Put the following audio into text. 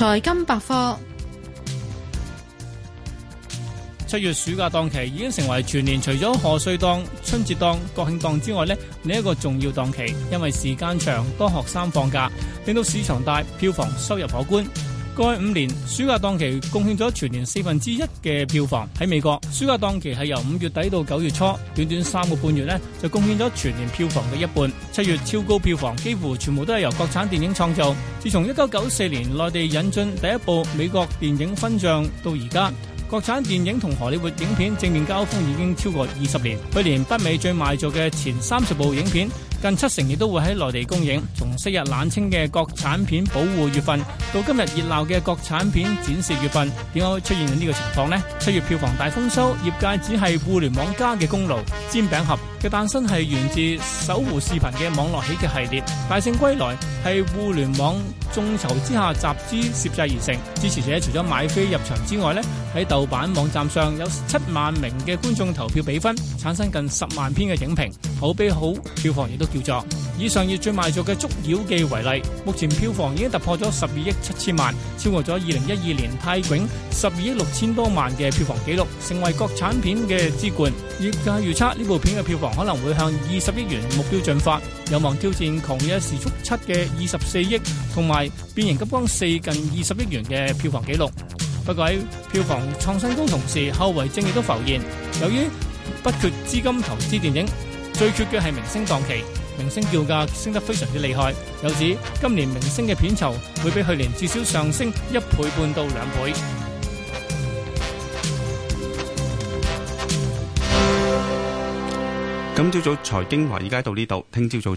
財金百科：七月暑假檔期已經成為全年除咗賀歲檔、春節檔、國慶檔之外呢，另一個重要檔期，因為時間長，多學生放假，令到市場大，票房收入可觀。過去五年暑假檔期貢獻咗全年四分之一嘅票房。喺美國，暑假檔期係由五月底到九月初，短短三個半月呢，就貢獻咗全年票房嘅一半。七月超高票房幾乎全部都係由國產電影創造。自從一九九四年內地引進第一部美國電影《分賬》到而家，國產電影同荷里活影片正面交鋒已經超過二十年。去年北美最賣座嘅前三十部影片，近七成亦都會喺內地公映，從昔日冷清嘅國產片保護月份到今日熱鬧嘅國產片展示月份，點解會出現呢個情況呢？七月票房大豐收，業界只係互聯網加嘅功勞。煎餅俠嘅誕生係源自搜狐視頻嘅網絡喜劇系列，《大聖歸來》係互聯網眾籌之下集資攝製而成。支持者除咗買飛入場之外，呢喺豆瓣網站上有七萬名嘅觀眾投票比分，產生近十萬篇嘅影評，口碑好，票房亦都。叫做以上月最賣座嘅《捉妖記》為例，目前票房已經突破咗十二億七千萬，超過咗二零一二年《泰囧》十二億六千多萬嘅票房紀錄，成為國產片嘅之冠。業界預測呢部片嘅票房可能會向二十億元目標進發，有望挑戰《狂野時速七》嘅二十四億，同埋《變形金剛四》近二十億元嘅票房紀錄。不過喺票房創新高同時，後遺症亦都浮現。由於不缺資金投資電影，最缺嘅係明星檔期。明星叫價升得非常之厲害，又指今年明星嘅片酬會比去年至少上升一倍半到兩倍。今朝早財經華爾街到呢度，聽朝早，上早上。